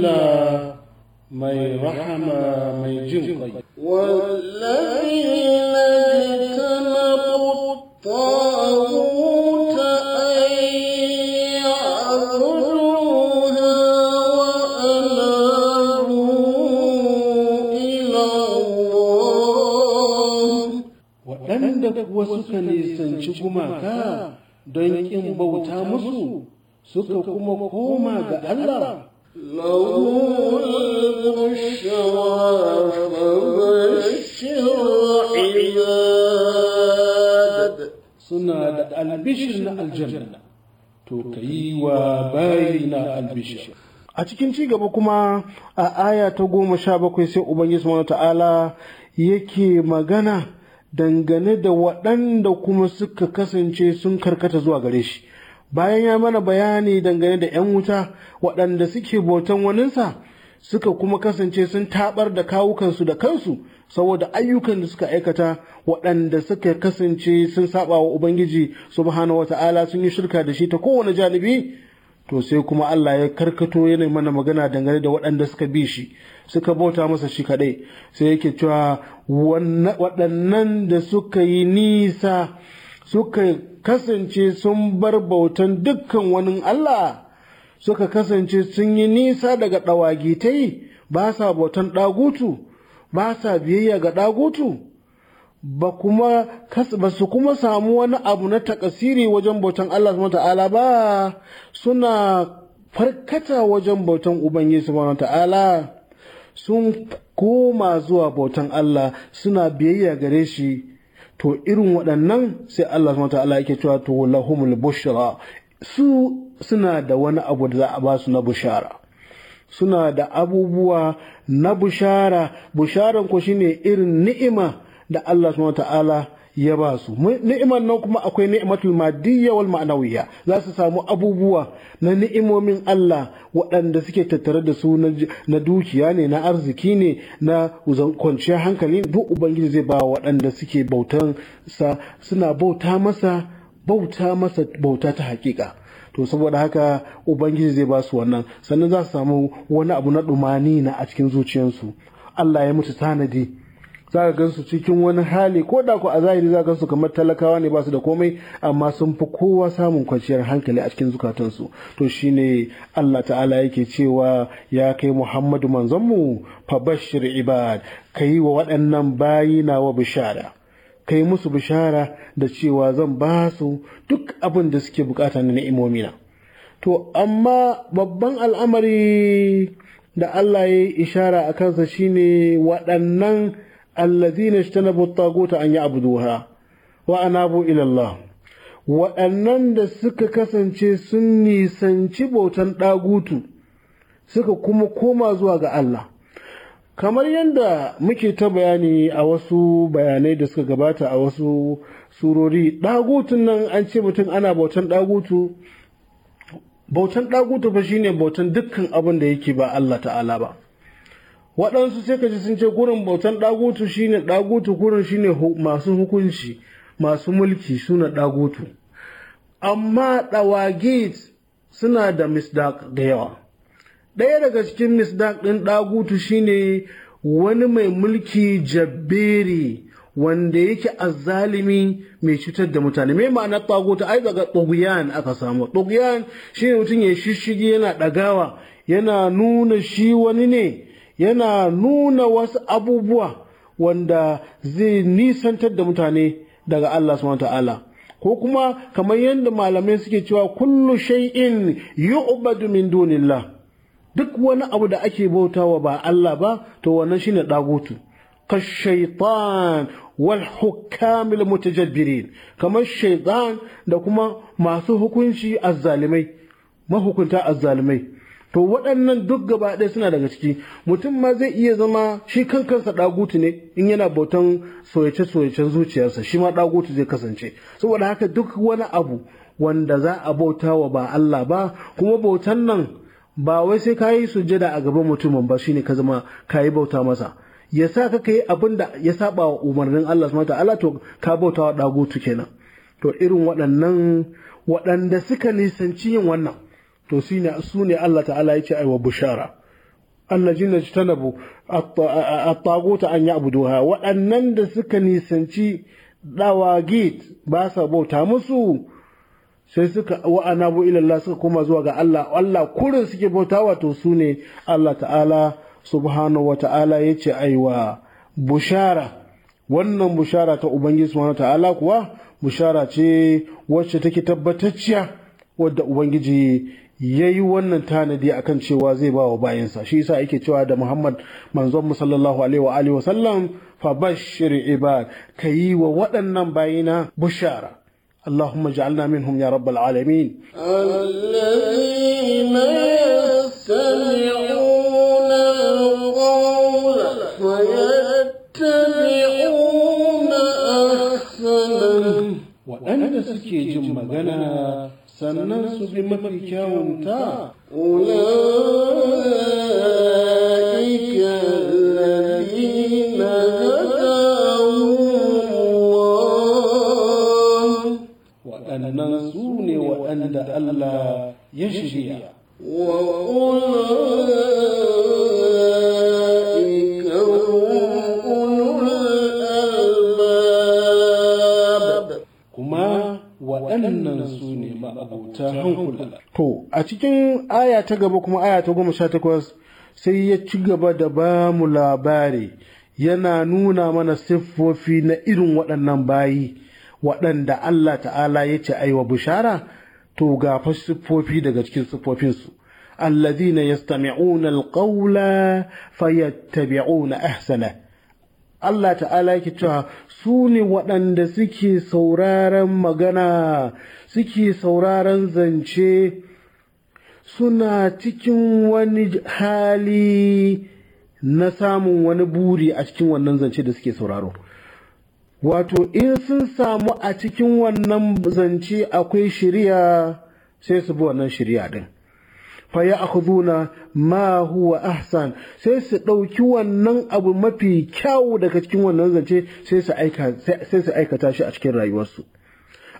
إلا من رحم من جنقي والذين اجتنبوا الطاغوت أن يعبدوها وأنابوا إلى الله وأندك وسكني سنشكماك don ƙin bauta musu suka kuma koma ga Allah a cikin ci gaba kuma a aya ta goma sha bakwai sai ubangiji subhanahu ta'ala yake magana dangane da waɗanda kuma suka kasance sun karkata zuwa gare shi bayan ya mana bayani dangane da 'yan wuta waɗanda suke bautan waninsa suka kuma kasance sun tabar da kawukansu da kansu saboda ayyukan da suka aikata waɗanda suka kasance sun saba wa ubangiji subhanahu wata'ala sun yi shirka da shi ta kowane janibi to sai kuma Allah ya karkato yana mana magana dangane da waɗanda suka bi shi suka bauta masa shi kaɗai sai yake cewa waɗannan da suka yi nisa suka kasance sun bar bautan dukkan wani Allah suka kasance sun yi nisa daga ɗawagi ta yi? ba sa bautan ɗagutu ba sa biyayya ga ɗagutu ba kuma su kuma samu wani abu na takasiri wajen bautan Allah subhanahu ta'ala ba suna farkata wajen bautan Ubangiji subhanahu ta'ala sun koma zuwa bautan Allah suna biyayya gare shi to irin waɗannan sai Allah subhanahu ta'ala yake cewa to lahumul bushra su suna da wani abu da za a ba su na bushara suna da abubuwa na bushara busharan ko shine irin ni'ima da Allah subhanahu ta'ala ya ba su ni'imar nan kuma akwai ni'imatul madiyya wal ma'nawiyya za su samu abubuwa na ni'imomin Allah waɗanda suke tattare da su na dukiya ne na arziki ne na kwanciyar hankali duk ubangiji zai ba waɗanda suke bautan sa suna bauta masa bauta masa bauta ta hakika to saboda haka ubangiji zai ba su wannan sannan za su samu wani abu na ɗumani na a cikin zuciyarsu Allah ya mutu tanadi za ka gansu cikin wani hali ko da ku a zahiri za ka gansu kamar talakawa ne ba su da komai amma sun fi kowa samun kwanciyar hankali a cikin zukatansu to shine Allah ta'ala yake cewa ya kai Muhammadu manzonmu fa bashir ibad yi wa waɗannan bayi wa bishara kai musu bishara da cewa zan ba su duk abin da suke bukata na to amma babban al'amari da Allah ya yi ishara a kansa shine waɗannan الذين اجتنبوا الطاغوت أن an وأنابوا إلى الله وأنن Allah waɗannan da suka kasance sun nisanci bautan ɗagutu suka kuma koma zuwa Allah kamar yadda muke ta bayani a wasu bayanai da suka gabata a wasu surori dagutun nan an ce mutum ana bautan ɗagutu bautan dagutu fa shine bautan dukkan abin da yake ba Allah ta'ala ba waɗansu sai ka ji sun ce gurin bautan ɗagutu shine ɗagutu gurin shine masu hukunci masu mulki suna ɗagutu amma ɗawagit suna da misdaq da yawa ɗaya daga cikin misdaq ɗin ɗagutu shine wani mai mulki jabberi wanda yake azalimi mai cutar da mutane mai ma'ana taguta ai daga tsogiyan aka samu tsogiyan shine mutum ya shishigi yana ɗagawa yana nuna shi wani ne yana nuna wasu abubuwa wanda zai nisantar da mutane daga Allah subhanahu ta'ala ko kuma kamar yadda malamai suke cewa kullu shay'in yu'badu min dunillah duk wani abu da ake bautawa ba Allah ba to wannan shine dagutu kashaitan wal hukamil mutajabbirin kamar shaitan da kuma masu hukunci azzalimai mahukunta azzalimai to waɗannan duk gaba ɗaya suna daga ciki mutum ma zai iya zama shi kan kansa ɗagutu ne in yana bautan soyace-soyacen zuciyarsa shi ma ɗagutu zai kasance saboda haka duk wani abu wanda za a bauta wa ba Allah ba kuma bautan nan ba wai sai ka yi sujjada a gaban mutumin ba shine ka zama ka yi bauta masa ya sa ka yi abin da ya saba wa umarnin Allah subhanahu ta'ala to ka bauta wa ɗagutu kenan to irin waɗannan waɗanda suka nisanci yin wannan to su ne Allah ta'ala ya ce aiwa bushara allajin da tanabu at-taguta an ya'buduha waɗannan da suka nisanci dawagit ba sa bauta musu sai suka wa'ana bu ilallah suka koma zuwa ga Allah Allah kurin suke bauta wato su ne Allah ta'ala subhanahu wa ta'ala ya ce aiwa bushara wannan bushara ta ubangiji subhanahu ta'ala kuwa bushara ce wacce take tabbatacciya wadda ubangiji yayi wannan tanadi akan cewa zai ba wa bayansa shi yasa yake cewa da Muhammad manzon mu sallallahu alaihi wa alihi wasallam fa bashir ibad kayi wa waɗannan bayina bushara اللهم اجعلنا منهم يا رب العالمين الذين يستمعون القول ويتبعون waɗanda suke jin magana sannan su bi mafi kyawunta waɗannan su ne waɗanda Allah ya shirya. to a cikin aya ta gaba kuma aya ta goma sha takwas sai ya ci gaba da ba mu labari yana nuna mana siffofi na irin waɗannan bayi waɗanda Allah ta'ala ya ce aiwa bishara to ga fa siffofi daga cikin siffofinsu allazina yastami'una alqawla fayattabi'una ahsana Allah ta'ala yake cewa su ne waɗanda suke sauraron magana suke sauraron zance suna cikin wani hali na samun wani buri a cikin wannan zance da suke sauraro wato in sun samu a cikin wannan zance akwai shirya sai su bi wannan shirya din fa ya akhuduna ma huwa ahsan sai su ɗauki wannan abu mafi kyawu daga cikin wannan zance sai su aikata shi a cikin rayuwarsu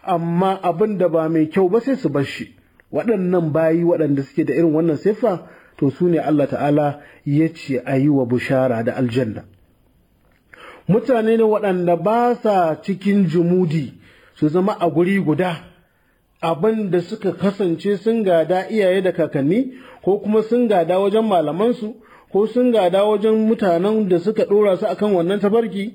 amma abin da ba mai kyau ba sai su bar shi waɗannan bayi waɗanda suke da irin wannan sifa to su ne Allah ta'ala ya ce a yi wa bushara da aljanna mutane ne waɗanda ba sa cikin jumudi su zama a guri guda abin da suka kasance sun gada iyaye da kakanni ko kuma sun gada wajen malamansu ko sun gada wajen mutanen da suka ɗora su akan wannan tabarki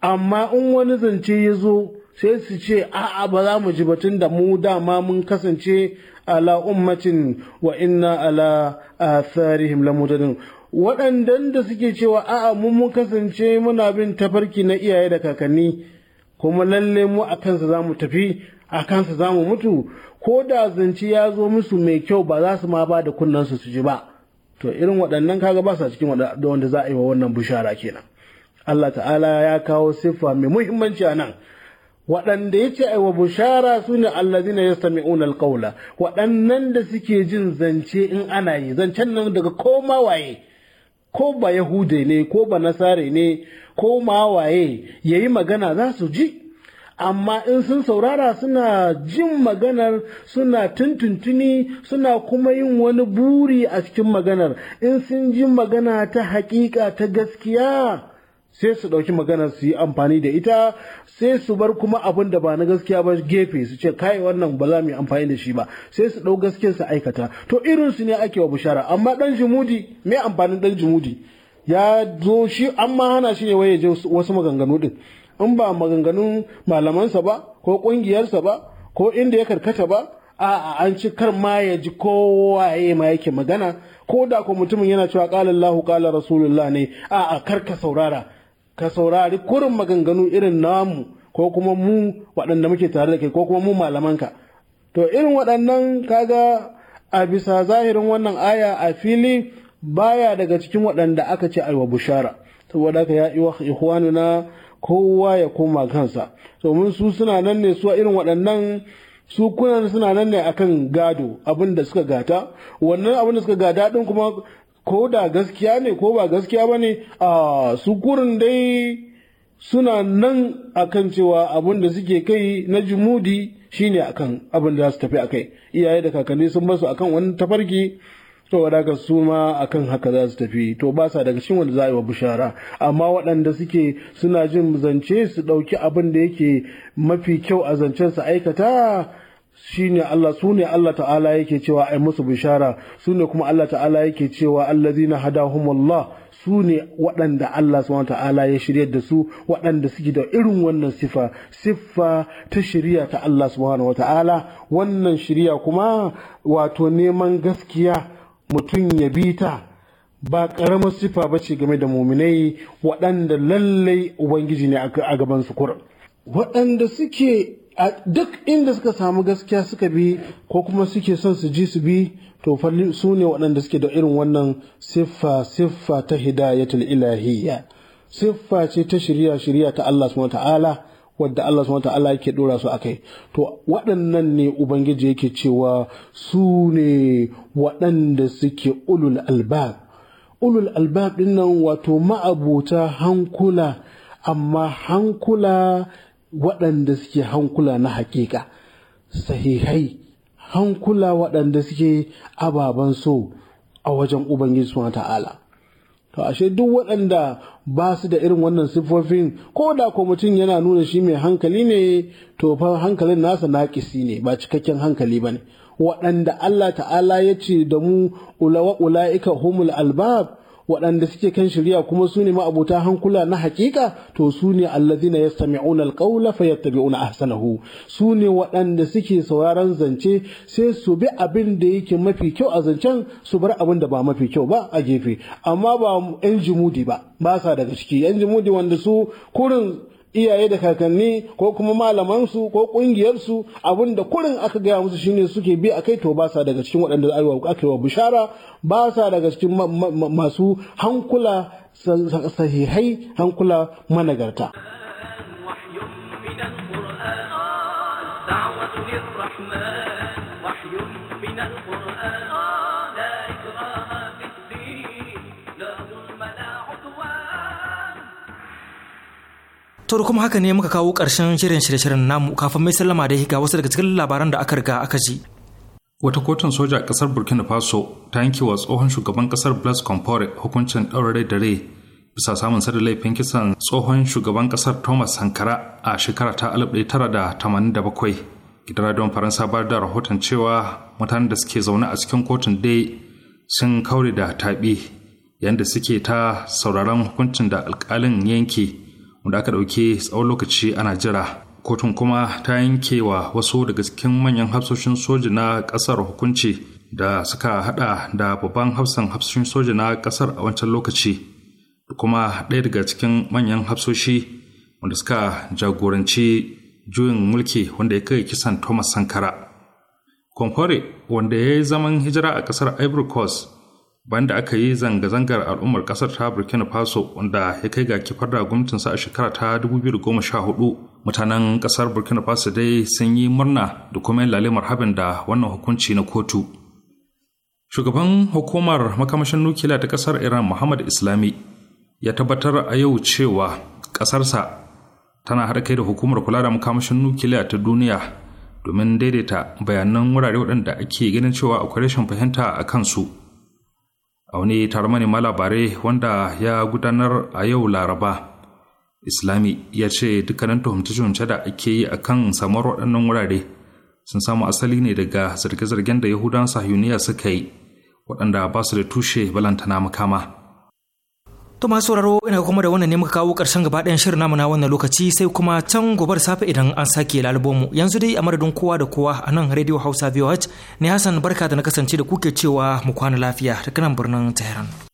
amma in wani zance ya zo sai su ce a'a ba za mu ji batun da mu dama mun kasance ala ummatin wa inna ala atharihim lamudadin waɗandan da suke cewa a'a mun mun kasance muna bin tafarki na iyaye da kakanni kuma lalle mu a kansa za mu tafi a kansa za mu mutu ko da zance ya zo musu mai kyau ba za su ma ba da kunnan su ji ba to irin waɗannan kaga ba sa cikin wanda za a yi wa wannan bishara kenan Allah ta'ala ya kawo siffa mai muhimmanci a nan waɗanda ya ce wa bushara su ne allazina ya sami alƙaula waɗannan da suke jin zance in ana yi zancen nan daga ko waye ko ba yahude ne ko ba nasare ne ko ma ya yi magana za su ji amma in sun saurara suna jin maganar suna tuntuntuni suna kuma yin wani buri a cikin maganar in sun ji magana ta hakika ta gaskiya sai su ɗauki magana su yi amfani da ita sai su bar kuma abin da ba na gaskiya ba gefe su ce kai wannan ba za mu yi amfani da shi ba sai su ɗau gaskiyar su aikata to irin su ne ake wa bishara amma ɗan jimudi me amfanin dan jimudi ya zo shi an ma hana shi ne waye je wasu maganganu din in ba maganganun malamansa ba ko kungiyarsa ba ko inda ya karkata ba a'a an ci kar ma ya ji kowaye ma yake magana ko da ko mutumin yana cewa qala Allahu qala rasulullah ne a'a kar ka saurara ka saurari kurin maganganu irin namu ko kuma mu waɗanda muke tare da kai ko kuma mu malamanka to irin waɗannan kaga a bisa zahirin wannan aya a fili baya daga cikin waɗanda aka ce aiwa bushara saboda haka ya iwa ikhwanuna kowa ya koma kansa domin su suna nan ne su irin waɗannan su kunan suna nan ne akan gado abin da suka gata wannan abin da suka gada din kuma ko da gaskiya ne ko ba gaskiya ba ne a sukurin dai suna nan akan cewa abin da suke kai na jimudi shine akan abin da za su tafi a kai. iyaye da kakanni sun basu akan wani tafarki saboda haka su ma akan haka za su tafi to ba sa daga cikin wanda za a yi wa bishara amma waɗanda suke suna jin zance su ɗauki abin da yake mafi kyau a zancen su aikata shine Allah ne Allah ta'ala yake cewa ai musu bishara sune kuma Allah ta'ala yake cewa allazina su ne waɗanda Allah subhanahu ta'ala ya shirya da su waɗanda suke da irin wannan sifa siffa ta shiriya ta Allah subhanahu ta'ala wannan shiriya kuma wato neman gaskiya mutum ya bi ta ba ƙaramar siffa ba ce game da muminai waɗanda lallai ubangiji ne a gabansu kurin waɗanda suke a duk inda suka samu gaskiya suka bi ko kuma suke son su ji su bi to falli su ne waɗanda suke da irin wannan siffa siffa ta hidayatul ilahiyya siffa ce ta shirya shirya ta Allah subhanahu ta'ala wadda Allah subhanahu ta'ala yake ɗora su a kai. to waɗannan ne ubangiji yake cewa su ne waɗanda suke ulul albab ulul albab dinnan wato ma'abuta hankula amma hankula waɗanda suke hankula na hakika sahihai hankula waɗanda suke ababen so a wajen ubangiji su ta'ala to ashe duk waɗanda ba su da irin wannan siffofin ko da ko mutum yana nuna shi mai hankali ne to fa hankalin nasa na kisi ne ba cikakken hankali ba ne waɗanda Allah ta'ala ya ce da mu ula-ula, "Ika humul albab waɗanda suke kan shirya kuma su ne ma'abuta hankula na hakika to su ne allazina yastami'una alqawla fayattabi'una ahsanahu su ne waɗanda suke sauraron zance sai su bi abin da yake mafi kyau a zancen su bar abin da ba mafi kyau ba a gefe amma ba yan jimudi ba ba sa daga ciki yan jimudi wanda su kurin iyaye da kakanni ko kuma malamansu ko kungiyarsu abinda kurin aka gaya musu shine suke bi kai to ba sa daga cikin waɗanda aka wa bishara ba sa daga cikin masu hankula sahihai hankula managarta. To kuma haka ne muka kawo ƙarshen shirin shirye-shiryen namu kafin mai sallama da ga wasu daga cikin labaran da aka riga aka ji. Wata kotun soja a ƙasar Burkina Faso ta yanke wa tsohon shugaban kasar Blaise Compaore hukuncin ɗaure da rai bisa samun sada laifin kisan tsohon shugaban kasar Thomas Sankara a shekara ta 1987. Gidan don Faransa ba da rahoton cewa mutanen da suke zaune a cikin kotun dai sun kaure da taɓi yadda suke ta sauraron hukuncin da alƙalin yanke wanda aka ɗauki tsawon lokaci ana jira kotun kuma ta yanke wa wasu daga cikin manyan hafsoshin soja na ƙasar hukunci da suka haɗa da babban hafsan hafsoshin soja na ƙasar a wancan lokaci da kuma ɗaya daga cikin manyan hafsoshi wanda suka jagoranci juyin mulki wanda ya kai kisan thomas sankara kwamfore wanda ya yi zaman hijira a ƙasar ivory coast banda aka yi zanga-zangar al'ummar kasar ta burkina faso wanda ya kai ga kifar da gwamnatinsa a shekara ta 2014 mutanen kasar burkina faso dai sun yi murna da kuma lalemar habin da wannan hukunci na kotu shugaban hukumar makamashin nukiliya ta kasar iran muhammad islami ya tabbatar a yau cewa kasarsa tana haɗa kai da hukumar kula da makamashin nukiliya ta duniya domin daidaita bayanan wurare waɗanda ake ganin cewa akwai rashin fahimta a kansu. su a wani taron manema labarai wanda ya gudanar a yau laraba islami ya ce dukkanin tuhumce-tuhumce da ake yi a kan samuwar waɗannan wurare sun samu asali ne daga zarge-zargen da yahudan sahiyuniya suka yi waɗanda ba su da tushe balantana makama To masu sauraro ina kuma da wannan ne muka kawo ƙarshen gaba ɗayan shirin namu na wannan lokaci sai kuma can gobar safe idan an sake lalubo Yanzu dai a madadin kowa da kowa a nan Radio Hausa VOH ne Hassan barka da na kasance da kuke cewa mu kwana lafiya ta kanan birnin Tehran.